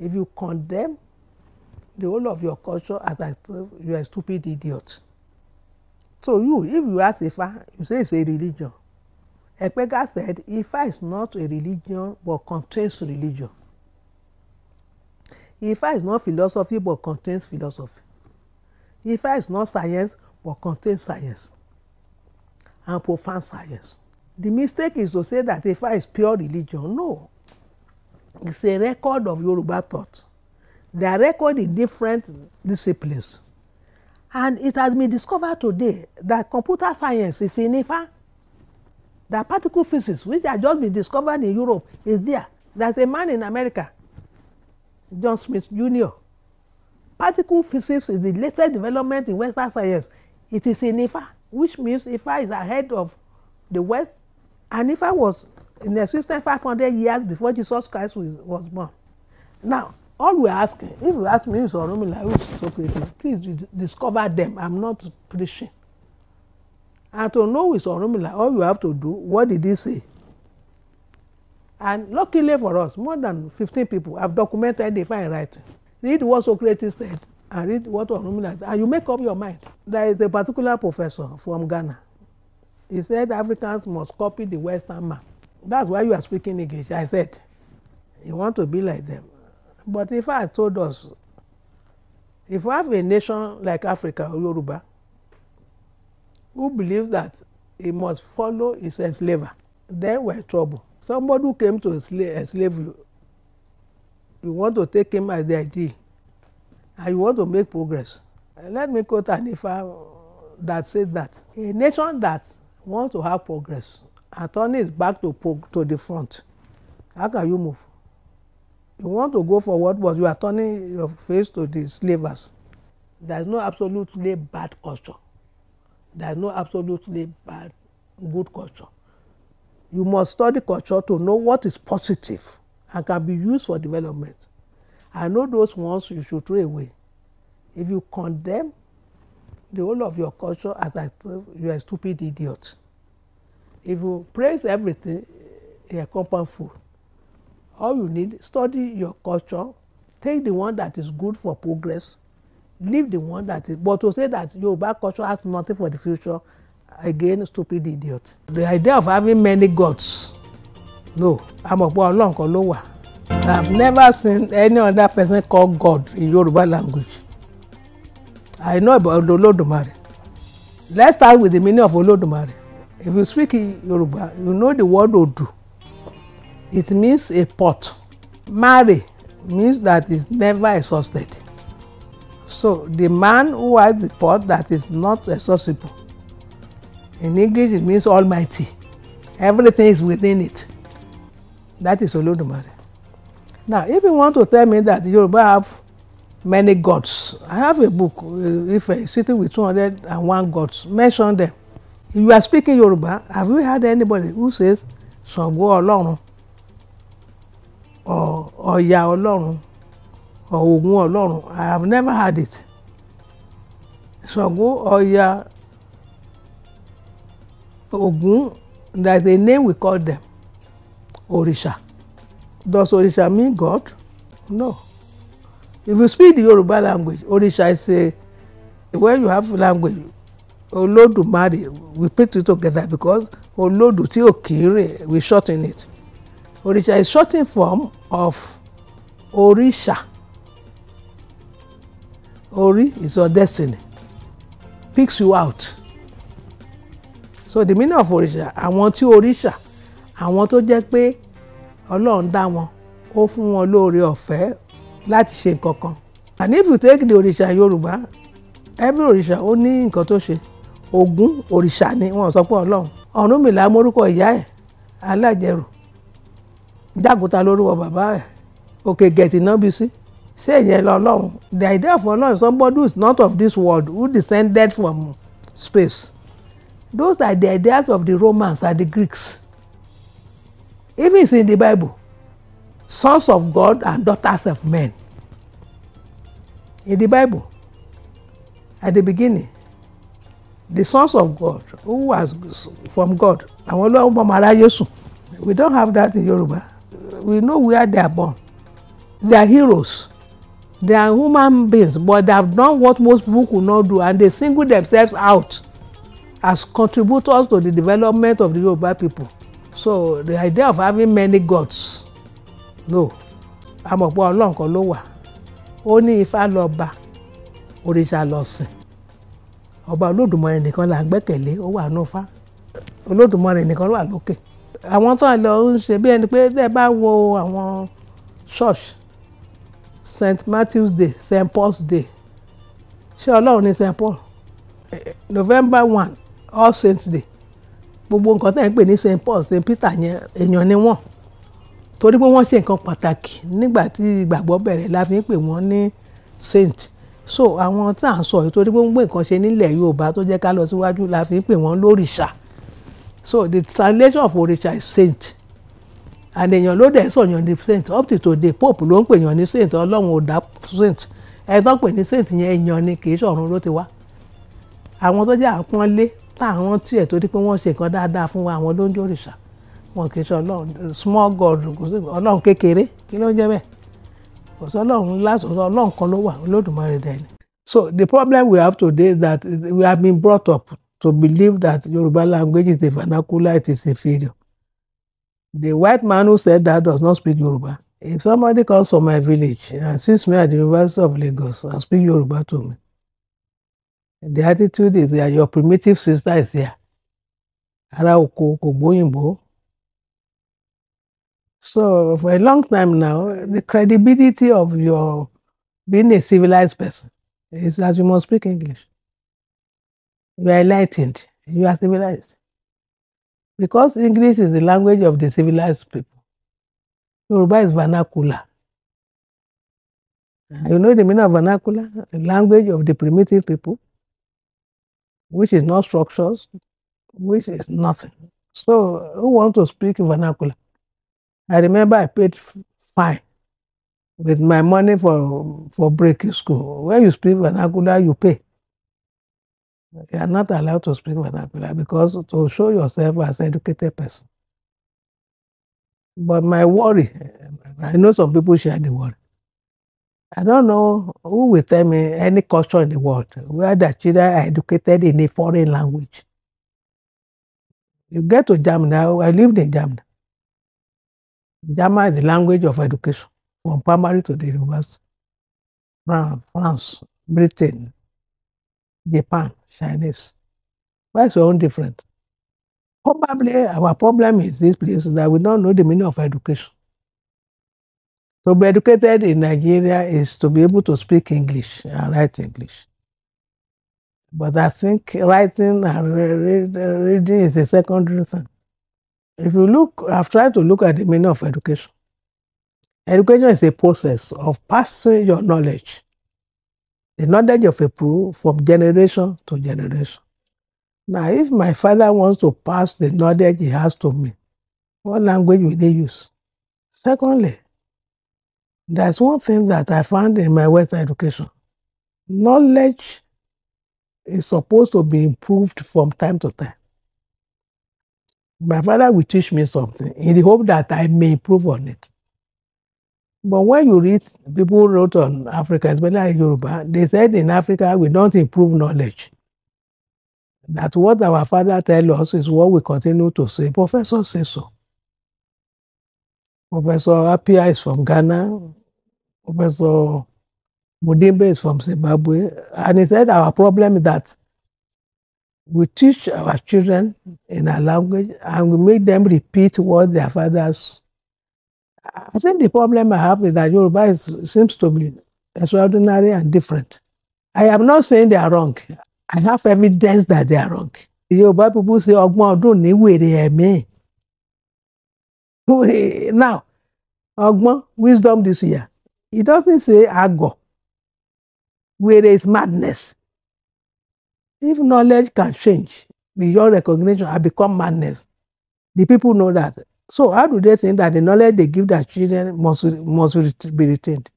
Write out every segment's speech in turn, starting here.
If you condemn the whole of your culture as a, you are a stupid idiot. So you, if you ask Ifa, you say it's a religion. Ekpega said, Ifa is not a religion but contains religion. Ifa is not philosophy but contains philosophy. Ifa is not science but contains science and profound science. The mistake is to say that Ifa is pure religion. No, it's a record of Yoruba thought. They are recorded in different disciplines. And it has been discovered today that computer science is in IFA. That particle physics, which has just been discovered in Europe, is there. There's a man in America, John Smith Jr. Particle physics is the latest development in Western science. It is in IFA, which means IFA is ahead of the West. And IFA was in the existence 500 years before Jesus Christ was, was born. Now, all we're asking, if you ask me, is Oromila, who is Socrates, please discover them. I'm not preaching. And to know is Oromila, all you have to do, what did he say? And luckily for us, more than 15 people have documented the fine writing. Read what Socrates said and read what Oromila said, and you make up your mind. There is a particular professor from Ghana. He said Africans must copy the Western map. That's why you are speaking English. I said, you want to be like them. But if I told us, if we have a nation like Africa or Yoruba, who believes that he must follow his enslaver, then we're in trouble. Somebody who came to enslave you, you want to take him as the ideal, and you want to make progress. Let me quote an Ifa that said that a nation that wants to have progress and turn it back to poke to the front how can you move you want to go forward but you are turning your face to the slavers there is no absolutely bad culture there is no absolutely bad good culture you must study culture to know what is positive and can be used for development i know those ones you should throw away if you condemn the whole of your culture as a you are a stupid idiot. If you praise everything, you eh, eh, compound full. All you need, study your culture, take the one that is good for progress, leave the one that is. But to say that Yoruba culture has nothing for the future, again, stupid idiot. The idea of having many gods, no, amọ̀pọ̀ ọlọ́run kan ló wà. have never seen any other person call God in Yoruba language. I know about Olódùmarè. Let's start with the meaning of Olódùmarè. If you speak Yoruba, you know the word Odu. It means a pot. Mary means that it's never exhausted. So the man who has the pot that is not exhausted. In English, it means almighty. Everything is within it. That is Olodumare. Now, if you want to tell me that Yoruba have many gods, I have a book, uh, if I sitting with 201 gods, mention them. you are speaking Yoruba have you had anybody who says Ṣàngó Ọlọ́run or Ọya Ọlọ́run or "Ogun Ọlọ́run I have never had it Ṣàngó Ọya Ògún that is the name we call them Òrìṣà does Òrìṣà mean God no if you speak the Yoruba language Òrìṣà is a when you have language Olódùmarè we put it together because Olódù tí ò kì í rè we shorten it òrìṣà is shorten form of òrìṣà Ori is your destiny picks you out so the meaning of òrìṣà àwọn tí òrìṣà àwọn tó jẹ́ pé Ọlọ́run dá wọn ó fún wọn lóore ọ̀fẹ́ láti ṣe nǹkan kan and if you take the òrìṣà Yorùbá every òrìṣà ó ní nǹkan tó ṣe Ogun òrìṣà ni wọ́n sọ pé Ọlọ́run Ọ̀rúnmìlà mórúkọ ìyá ẹ̀ alájẹrù jágúta lórúkọ bàbá ẹ̀ òkè gẹ̀tì náà bí sí ṣé ìyẹn lọ Ọlọ́run the idea of is somebody who is not of this world who descended from space those are the ideas of the Romans and the Greeks even it's in the Bible sons of God and daughters of men in the Bible at the beginning the sons of God who was from God àwọn ló ń aráyé sùn we don't have that in Yoruba we know where they are born they are heroes they are human beings but they have done what most people could not do and they single themselves out as contributors to the development of the Yoruba people so the idea of having many gods no amọ̀pọ̀ ọlọ́run kan ló wà ó ní ifá lọ́ba òrìṣà lọ́sìn ọba olódùmarè nìkan là ń gbẹ́kẹ̀lé ó wà nù fá olódùmarè nìkan wà lókè àwọn tó ń lọ ń ṣe bí ẹni pé tẹ́ bá wo àwọn church St Matthew's Day St Paul's Day ṣé ọlọ́run ní St Paul November one All Saints Day gbogbo nǹkan tẹ́ ń pè ní St Paul St Peter yẹn èèyàn ni wọ́n torí pé wọ́n ṣe nǹkan pàtàkì nígbà tí ìgbàgbọ́ bẹ̀rẹ̀ la fi ń pè wọ́n ní saint so àwọn tá à ń sọ yìí torí pé ń gbé nǹkan ṣe nílẹ̀ Yorùbá tó jẹ́ ká lọ síwájú la fi ń pè wọ́n lórìṣà so the translation of òrìṣà is saint and èèyàn ló dẹ̀ sọ̀yàn ní saint up to today pope ló ń pè yàn ní saint ọlọ́run ò dá saint ẹ tó ń pè ní saint yẹn èèyàn ni kì í ṣọ̀run ló ti wá àwọn tó jẹ́ àpọ́nlé táwọn tiẹ̀ torí pé wọ́n ṣe nǹkan dáadáa fún wa àwọn ló ń jòrìṣà wọn kì í ṣe ọlọ́run small god ọlọ́run kékeré kí ló ń jẹ́ bẹ́ẹ̀ kò last lásọ̀rọ̀ ọlọ́run kan ló wà olódùmarè dẹ̀ ni. So the problem we have today is that we have been brought up to believe that Yoruba language is a vernacular, it is inferior. The white man who said that does not speak Yoruba. If somebody comes from my village and sees me at the University of Lagos and speak Yoruba to me, the attitude is that your primitive sister is here. Ara oko kò gbóyìnbó So for a long time now, the credibility of your being a civilized person is that you must speak English. You are enlightened. You are civilized. Because English is the language of the civilized people. Yoruba is vernacular. Uh, you know the meaning of vernacular? The language of the primitive people, which is not structures, which is nothing. So who want to speak vernacular? I remember I paid fine with my money for for breaking school. When you speak vernacular, you pay. You are not allowed to speak vernacular because to show yourself as an educated person. But my worry, I know some people share the worry. I don't know who will tell me any culture in the world where the children are educated in a foreign language. You get to Germany, I lived in Germany. Jama is the language of education from primary to the university. France, France, Britain, Japan, Chinese. Why is so own different? Probably our problem is this place that we don't know the meaning of education. To be educated in Nigeria is to be able to speak English and write English. But I think writing and reading is a secondary thing. If you look, I've tried to look at the meaning of education. Education is a process of passing your knowledge, the knowledge of a people from generation to generation. Now, if my father wants to pass the knowledge he has to me, what language will they use? Secondly, there's one thing that I found in my Western education. Knowledge is supposed to be improved from time to time my father will teach me something in the hope that I may improve on it. But when you read people wrote on Africa, especially Yoruba, they said in Africa we don't improve knowledge. That what our father tell us is what we continue to say. Professor says so. Professor Apia is from Ghana. Professor Mudimbe is from Zimbabwe. And he said our problem is that we teach our children in our language and we make them repeat what their fathers. I think the problem I have is that Yoruba is, seems to be extraordinary and different. I am not saying they are wrong. I have evidence that they are wrong. Yoruba people say, Ọgbọ́n ọdún ní wèrè ẹ̀mí. Now, Ọgbọ́n, wisdom this year. It doesn't say Ago. Where is madness. If knowledge can change beyond recognition and become madness, the people know that. So how do they think that the knowledge they give their children must, must be retained?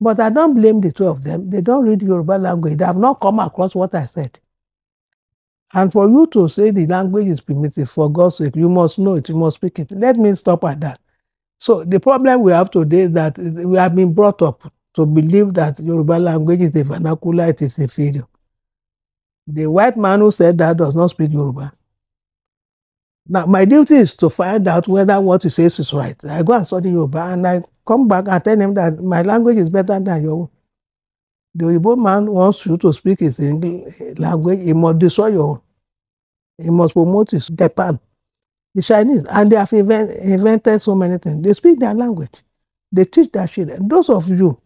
But I don't blame the two of them. They don't read Yoruba language. They have not come across what I said. And for you to say the language is primitive, for God's sake, you must know it, you must speak it. Let me stop at that. So the problem we have today is that we have been brought up to believe that Yoruba language is a vernacular, it is a failure. The white man who said that does not speak Yoruba. Now, my duty is to find out whether what he says is right. I go and study Yoruba and I come back and tell him that my language is better than your The Yoruba man wants you to speak his eh, language. He must destroy your He must promote his Japan, the Chinese. And they have invent, invented so many things. They speak their language. They teach their children. Those of you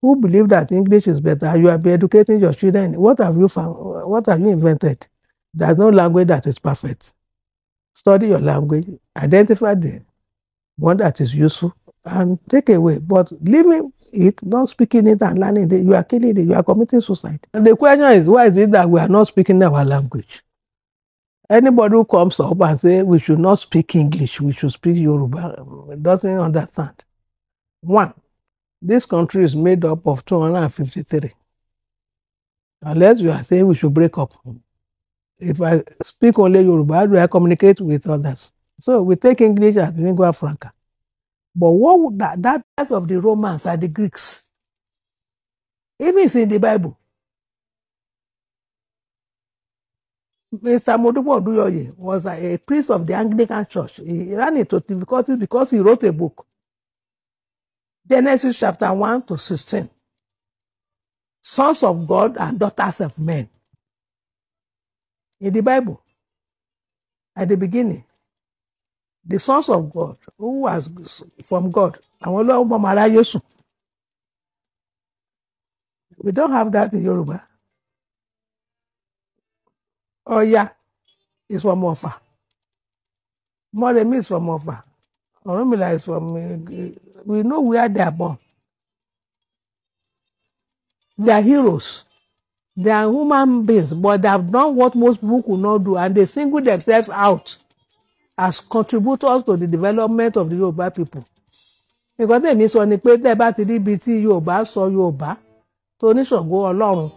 who believe that English is better you have been educating your children, what have you found? What have you invented? There's no language that is perfect. Study your language, identify the one that is useful, and take away. But leaving it, not speaking it and learning it, you are killing it, you are committing suicide. And the question is, why is it that we are not speaking our language? Anybody who comes up and say we should not speak English, we should speak Yoruba, um, doesn't understand. One, This country is made up of 253. Unless you are saying we should break up. If I speak only Yoruba, do I communicate with others? So we take English as lingua franca. But what would that, that of the Romans are the Greeks. Even it's in the Bible. Mr. Modubo Oduyoye was a, a priest of the Anglican Church. He ran into difficulties because he wrote a book Genesis chapter 1 to 16. Sons of God and daughters of men. In the Bible, at the beginning, the sons of God, who was from God, We don't have that in Yoruba. Oh Ọya is from than Mọ́remí is from Ọ̀fà. Orunmila is from, uh, we know where they are born. They are heroes. They are human beings, but they have done what most people could not do, and they single themselves out as contributors to the development of the Yoruba people. Because they sọ ni pé tẹ́ bá ti rí ibi Yoruba. So sọ Yorùbá tó ní Ṣàngó Ọlọ́run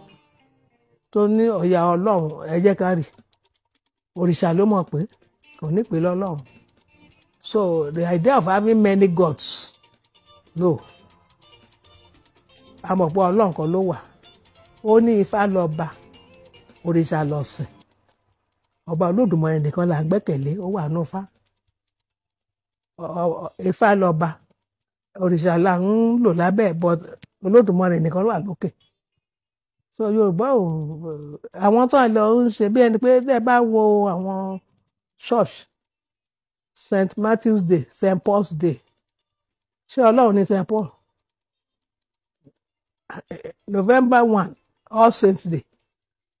tó ní Ọya Ọlọ́run ẹ jẹ́ ká rí òrìṣà ló mọ̀ pé So the idea of having many gods, no. Àmọ̀pọ̀ ọlọ́run kan ló wà. Ó ní ifá lọ bá, òrìṣà lọ sìn. Ọba Olódùmarè nìkan là ń gbẹ́kẹ̀lé, ó wà nù fá. Ifá lọ bá, òrìṣà là ń lò lábẹ́ but Olódùmarè nìkan wà lókè. So Yorùbá ò àwọn tó ń lọ ń ṣe bí ẹni pé tẹ́ bá wo àwọn ṣọ́ọ̀ṣì st matthew's day st paul's day ṣé ọlọ́run ní st paul november one all saints day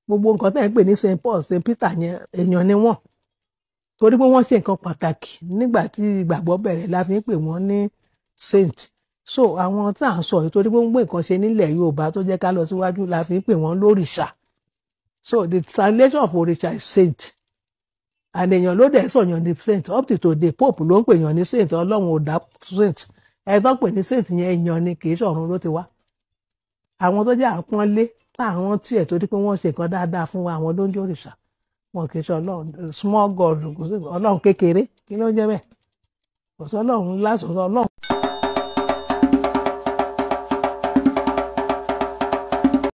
gbogbo nǹkan tẹ́ ń pè ní st paul st peter yẹn èèyàn ni wọ́n torí pé wọ́n ṣe nǹkan pàtàkì nígbà tí ìgbàgbọ́ bẹ̀rẹ̀ la fi ń pè wọ́n ní saint so àwọn tá à ń sọ yìí torí pé ń gbé nǹkan ṣe nílẹ̀ yorùbá tó jẹ́ ká lọ síwájú la fi ń pè wọ́n lórìṣà so the translation of òrìṣà is saint and èèyàn ló dẹ̀ sọ̀yàn ní saint up to today pope ló ń pè yàn ní saint ọlọ́run ò dá saint ẹ tó pè ní saint yẹn èèyàn ni kì í ṣọ̀run ló ti wá àwọn tó jẹ́ àpọ́nlé àwọn tiẹ̀ torí pé wọ́n ṣe nǹkan dáadáa fún wa àwọn ló ń jẹ́ òrìṣà wọn kì í ṣe ọlọ́run small god ọlọ́run kékeré kí ló ń jẹ́ bẹ́ẹ̀ kò sí ọlọ́run ńlá ọlọ́run